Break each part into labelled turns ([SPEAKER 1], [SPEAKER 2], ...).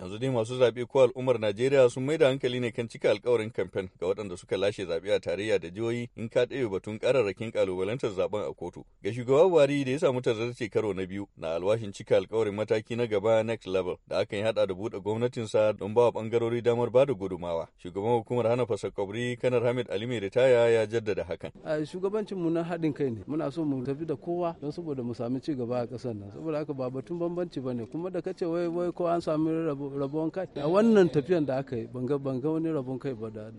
[SPEAKER 1] yanzu dai masu zaɓe ko al'ummar najeriya sun maida hankali ne kan cika alkawarin kamfen ga waɗanda suka lashe zaɓe a tarayya da jihohi in ka ɗaya batun ƙararrakin ƙalubalantar zaɓen a kotu ga shugaba buhari da ya samu tazarce karo na biyu na alwashin cika alkawarin mataki na gaba next level da aka yi haɗa da buɗe gwamnatin sa don ba wa ɓangarori damar ba da gudumawa shugaban hukumar hana fasakwabri kanar hamid ali mai ritaya ya jaddada hakan
[SPEAKER 2] shugabancin mu na haɗin kai ne muna so mu tafi da kowa don saboda mu sami ci gaba a ƙasar nan saboda haka ba batun bambanci ba ne kuma da kace wai wai ko an sami rabo rabon kai a wannan tafiyan da aka yi banga banga wani rabon kai ba da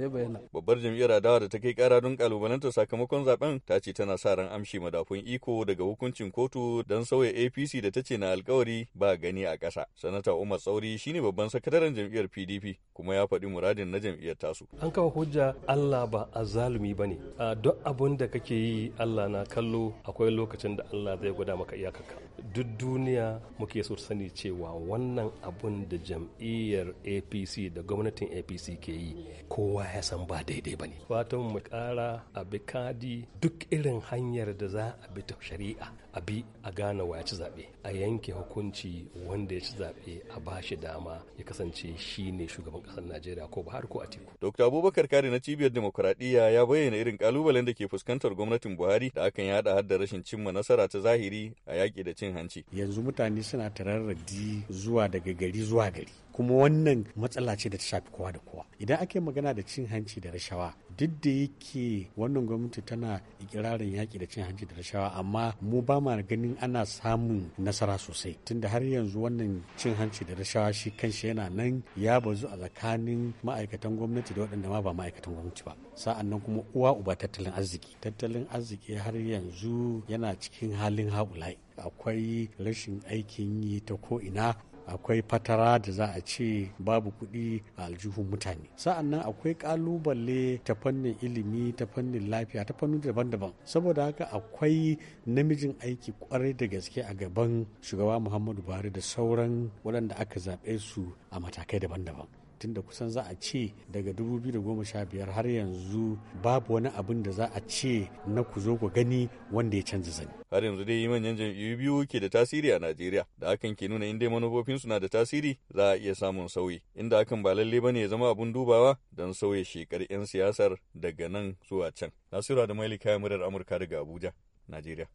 [SPEAKER 2] ya bayyana
[SPEAKER 1] babbar jam'iyyar adawa da ta kai kara don kalubalanta sakamakon zaben ta ce tana sa ran amshi madafun iko daga hukuncin kotu don sauya APC da ta ce na alkawari ba gani a ƙasa sanata Umar Tsauri shine babban sakataren jam'iyyar PDP kuma ya faɗi muradin na jam'iyyar tasu
[SPEAKER 3] an kawo hujja Allah ba azalumi bane duk abun da kake yi Allah na kallo akwai lokacin da Allah zai gwada maka iyakarka duk duniya muke so sani cewa wannan wannan abun da jam'iyyar apc da gwamnatin apc ke yi kowa ya san ba daidai ba ne fatan mu kara a bi kadi duk irin hanyar da za a bi ta shari'a a bi a gane wa ya ci zaɓe a yanke hukunci wanda ya ci zaɓe a ba shi dama ya kasance shi ne shugaban ƙasar najeriya ko buhari ko atiku
[SPEAKER 1] dr abubakar kari na cibiyar demokuraɗiyya ya bayyana irin kalubalen da ke fuskantar gwamnatin buhari da akan yada har da rashin
[SPEAKER 4] cimma nasara ta zahiri a yaƙi da cin hanci yanzu mutane suna tararradi zuwa daga gari zuwa gari kuma wannan matsala ce da ta shafi kowa da kowa idan ake magana da cin hanci da rashawa duk da yake wannan gwamnati tana ikirarin yaƙi da cin hanci da rashawa amma mu ba ma ganin ana samun nasara sosai tunda har yanzu wannan cin hanci da rashawa shi kanshi yana nan ya bazu a tsakanin ma'aikatan gwamnati da waɗanda ma ba ma'aikatan gwamnati ba sa'an nan kuma uwa uba tattalin arziki tattalin arziki har yanzu yana cikin halin haɓulai akwai rashin aikin yi ta ko ina. akwai fatara da za a ce babu kuɗi a aljihun mutane sa'annan akwai ƙalubale ta fannin ilimi ta fannin lafiya ta fannin daban-daban saboda haka akwai namijin aiki kwarai da gaske a gaban shugaba muhammadu buhari da sauran waɗanda aka zaɓe su a matakai daban-daban tun da kusan za a ce daga 2015 har yanzu babu wani abin da za a ce na ku zo ku gani wanda ya canza zani.
[SPEAKER 1] Har yanzu dai manyan jam'iyyu biyu ke da tasiri a Najeriya da hakan ke nuna inda manufofin suna da tasiri za a iya samun sauyi inda hakan ba lalle bane ya zama abun dubawa don sauya shekar 'yan siyasar daga nan zuwa can. Nasiru da Maili kayan murar Amurka daga Abuja, Najeriya.